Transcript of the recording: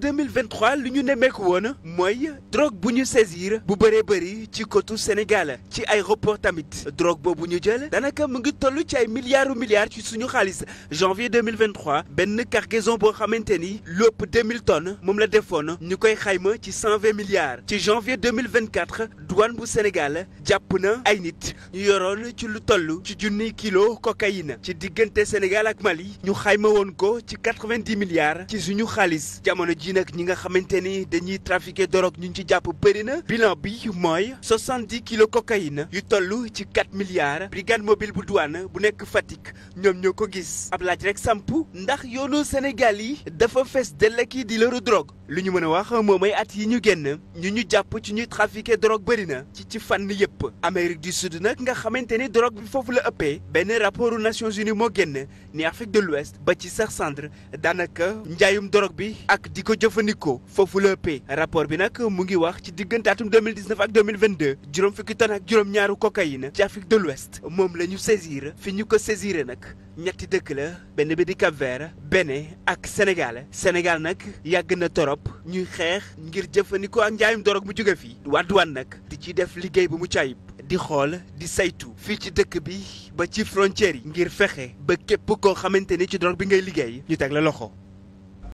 2023 li ñu nemmeeku woon mooy drogue bu ñu saisir bu bëree bëri ci côté Sénégal ci aéroport tamit drogue boobu ñu jël danaka mu ngi tollu ci ay milliards milliards ci suñu xaalis janvier 2023 benn cargaison boo xamante ni lépp 2000 tonnes moom la defoon ñu koy xayma ci 120 milliards ci janvier 2024 douane bu Sénégal jàpp na ay nit ñu yoroon ci lu toll ci junniy kilo cocaïne ci diggante Sénégal ak Mali ñu xayma woon ko ci 90 milliards ci suñu xaalis jamono ji ji nag ñi nga xamante ni dañuy trafiquer drogue ñu ngi ci jàpp bëri na bilan bi mooy kilo dix kilos cocaïne yu toll ci quatre milliards brigade mobile bu douane bu nekk Fatick ñoom ñoo ko gis ab laaj rek samp ndax yoonu Sénégal yi dafa fees dell kii di leeru drogue li ñu mën a wax moom ay at yi ñu génn ñu ñu jàpp ci ñuy trafiqué drogue bëri na ci ci fànn yëpp Amérique du Sud nag nga xamante ni drogue bi foofu la ëppee benn rapportu Nations Unies moo génn ni Afrique de l'Ouest ba ci sax centre daanaka njaayum drogue bi ak di ko jëfandikoo foofu la ëppee rapport bi nag mu ngi wax ci diggante atum 2019 ak 2022 juróom fukki tonne ak juróom ñaaru cocaïne ci Afrique de l'Ouest moom la ñu saisir fi ñu ko saisiré nag ñetti dëkk la benn bi di Cap-Vert Bénin ak Sénégal Sénégal nag yàgg na torop ñuy xeex ngir jëfandikoo ak njaayum dorog mu jóge fii waa douane nag di ci def liggéey bu mu cayib di xool di saytu fii ci dëkk bi ba ci frontières yi ngir fexe ba képp koo xamante ni ci dorog bi ngay liggéey ñu teg la loxo